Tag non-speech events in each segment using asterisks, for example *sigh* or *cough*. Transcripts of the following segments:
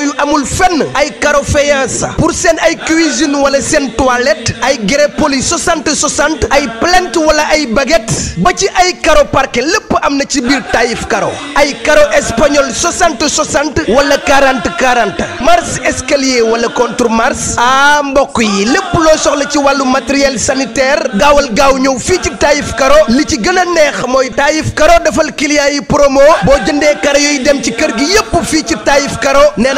yooyu amul fenn ay carreau faïence pour seen ay cuisine wala seen toilette ay grès poli 60 60 ay plinthe wala ay baguette ba ci ay carreau parquet lépp am na ci biir Taïf carreau ay carreau espagnol 60 60 wala 40 40 marche escalier wala contre marche ah mbokk yi lépp loo soxla ci wàllu matériel sanitaire gaawal gaaw ñëw fii ci Taïf carreau li ci gën a neex mooy Taïf carreau defal client yi promo boo jëndee carreau yooyu dem ci kër gi yépp fii ci Taïf carreau nee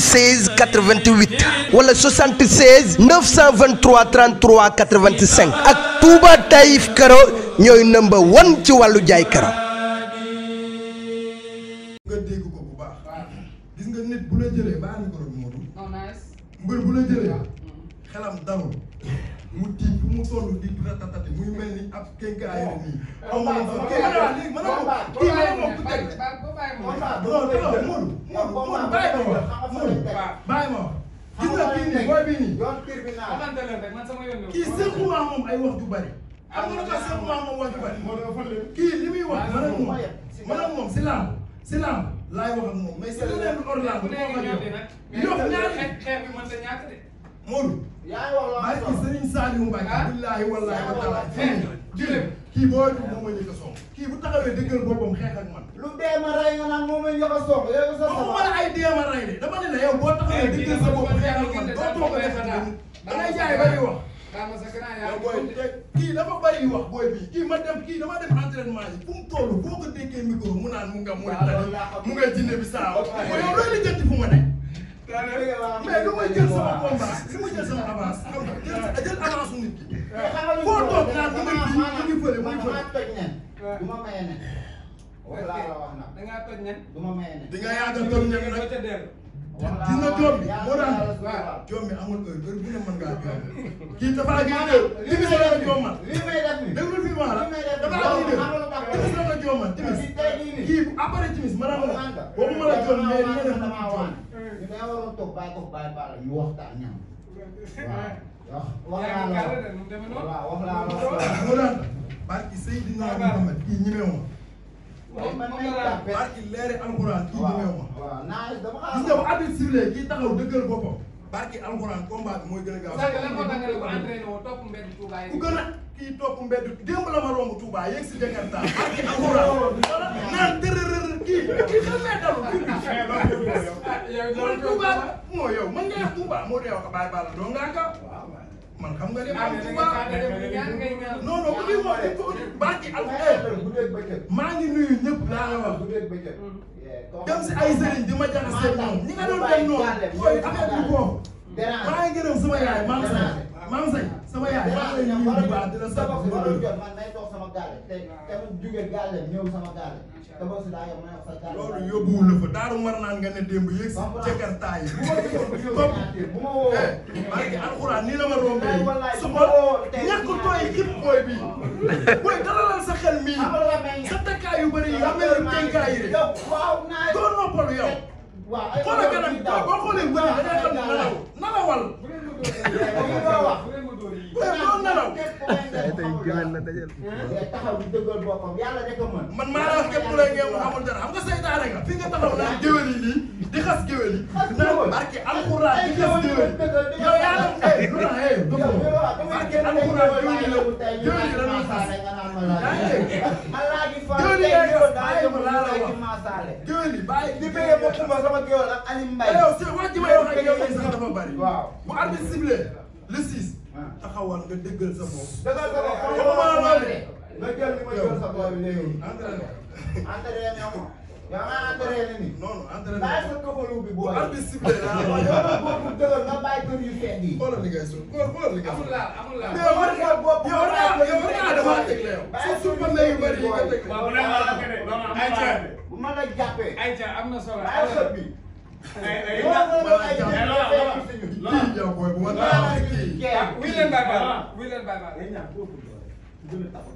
76 88 wala 76 923 33 85 ak Touba Taïf Karo ñooy number one ci wàllu jaay karo. nga dégg ma ko seen maam moom wax ju bari kii li muy wax man ak moom man ak moom si laam si laam laay wax ak moom mais si leneen lu orlaan bu ma ko yow yow ñaari xeer bi mën ta ñàkk de Modou maa ngi Serigne Saliou Mbacké billaahi wallaahi wa taala jëlem kii boo ju moom ma njëkk a song kii bu taxawee dëggal boppam xeex ak man lu dee ma rey nga naan moom ma njëkk a song yow sa sama wala ay dee ma rey de dama ne la yow boo taxawee dëggal sa bopp xeex ak man doo toog a def da ngay jaay bari wax kii dafa bari wax booy bi kii ma dem kii dama dem entraînement yi fu mu toll boo ko déggee micro mu naan mu nga mu mu nga jinne bi saa ma yow loolu jënti fu ma ne mais lu may jël sama combat lu may jël sama avance jël avance nit ki eh, foo toog naan mu ngi mu ngi fële mu ngi fële eh. du ma maye ne wala la wax na da ngaa toj nen du ma maye ne di nga yaaga toj nen nag gis nga doom bi moo tax doom bi amul heure heure bu ne mën ngaa jox kii dafa ak yéen li muy def ak joomal déglu fi wax la dafa ak yéen timis la ko joomal timis kii après timis mën a mën a boobu mën a joom mais li nga def nag joom ñu day waroon barki leeri alxuraan kii ñëwee ma. waaw a dama xaar gis nga bu arbitre sifflé kii taxaw dëggal boppam. barki alxuraan combat bi mooy gën a gaaw. sànq lan moo tax a ne ko entraîné woo topp mbedd Touba yi. ku gën a kii topp mbedd démb la ma si Jakarta barki alxuraan naan dërërër kii kii xam nga dalul kii bi. *laughs* Eh, yow ah, yow yow Touba moo yow mën nga Touba moo dee man xam nga ne. ah mais nag non non bu maa ngi nuyu ñëpp laa la wax. Mm-hmm. dem si ay sëriñ di ma jaxase ñoom ñi nga doon dem noonu. booy amee bu ko. maa ngi gërëm sama yaay maa ngi maam sëñ sama yaay maa ngi lay nuyu bu baax di la sant di la gërëm man nay toog sama gaale te te mu jóge gaale ñëw sama gaale te boobu si daa yow may wax sa gaale loolu yóbbuwul la fa daaru mar naan nga ne démb yëg si jakartaa yi bu ma woo eh, barki alxuraan nii la ma rombee su ma ñàkk tooy xib mooy bi booy dalalal sa xel mii sa takkaay yu bëri yi amee dénkaay yi rek doo noppalu yow xoolal kanam boo xoolee bëri da ngay xam ne man maa la wax képp lay ngeen xamul dara xam nga saytaane nga fi nga taxaw naan géwél yi lii di xas géwél yi naan barke alxuraan di xas géwél yi yow yaa la ay eh, lu tax ay eh, du ko barke alxuraan géwél yi la géwél yi dañuy xas yaa ngi dégg géwél yi yaa ngi ko daa la wax di béyee boppam ma sama géwal ak Alim Mbaye. Eh, yow si waa ji ma yow ak yow ay sax dafa bari. waaw bu arbitre sifflé le six. Ah. taxawal nga dëggal sa bopp. dëggal sa bopp xam nga ma la loolu. nga jël li ma jël sa bopp léegi. entraîné entraîné ñoom. yow maa entraîné nii. non non entraîné bàyyi sa kafalu bi bu am bi sifflé la. boobu dëgër nga bàyyi kër yu sedd yi. xoolal li ngay suul xool xoolal li ngay suul. amul laal amul laal. yow war nga bopp yow war nga yow war nga damaa teg la yow. bàyyi suuf mën na yu bëri yi nga teg. waaw vraiment la nga def vraiment am na bu ma la jàppee. ayca am na solo bàyyi sa bi. loolu la la la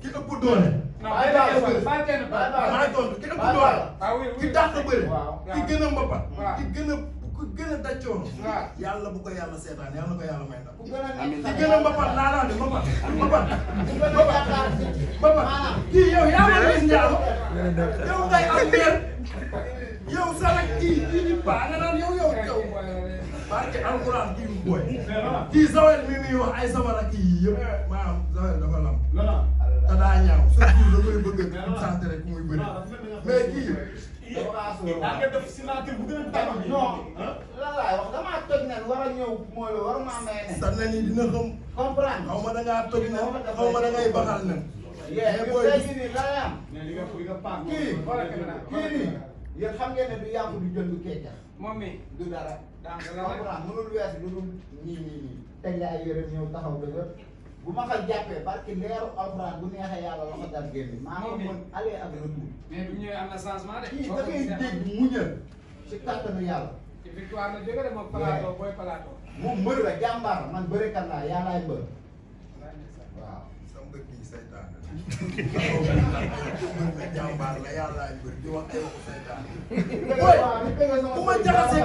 ki ëpp doole. bàyyi laa la bëri bàyyi kenn bàyyi laa la bëri maa ki ëpp doole. Ah ki dàq bëri. ki gën ku gën a daccoon. waaw yàlla bu ko yàlla seetaan yàlla na ko yàlla may ndax. amiin amiin gën a mbapat laalaale mbapat. mbapat mbapat kii yow yaa ngi lay njaaru. yow ngay am weer. yow sax ak kii kii di baax nga naan yow yow yow. barke alxuraan kii mu booy. kii Zawel mi muy wax ay sama rakk yii yëpp maanaam Zawel dafa lam. te daa ñaaw sa kii da koy bëgg a sant rek muy bëri mais kii. def signature bu gën a tàng. non lan laay wax damaa toj nen war a ñëw mooy loolu waruma may nen. sa nen yi dina xam. comprendre xaw ma da ngaa toj nen xaw ma da ngay baxal nen. mais booy bi kii kii nii yéen xam ngeen ne du yàqu du jënd kecax. moom mi du dara. comprendre mënul wees lu dul nii nii nii. teg la ay yére ñëw taxaw dëgg bu ma ko jàppee barki leeru alxuraan bu neexee yàlla la ko dal génn maa ko mën aller ak retour. mais bu ñëwee am na changement de. kii da ngay dégg muñal si kàttanu yàlla. ci victoire la jóge de moom plateau booy plateau. moom saya. la jàmbaar man bërekat laa la. *laughs* jàmbaar ay waxu saytaan. bu ma jaxasee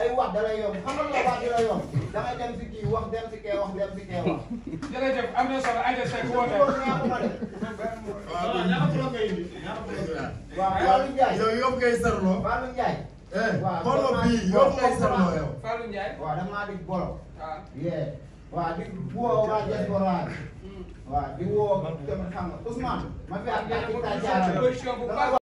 ay wax dalay yomb xamal la wax dala yomb da ngay dem si kii wax dem wax dem si kee wax. jërëjëf am na solo Adja Seck woote. waaw ñaata kilo ngay indi. waaw Fallou Ndiaye. yow yóbbu ngay sarloo. Fallou Ndiaye. waaw bolo bii yóbbu ngay sarloo yow. Fallou Ndiaye. waaw damaa di bolo. waaw yee. waaw di di woo tamit xam nga ma fi ak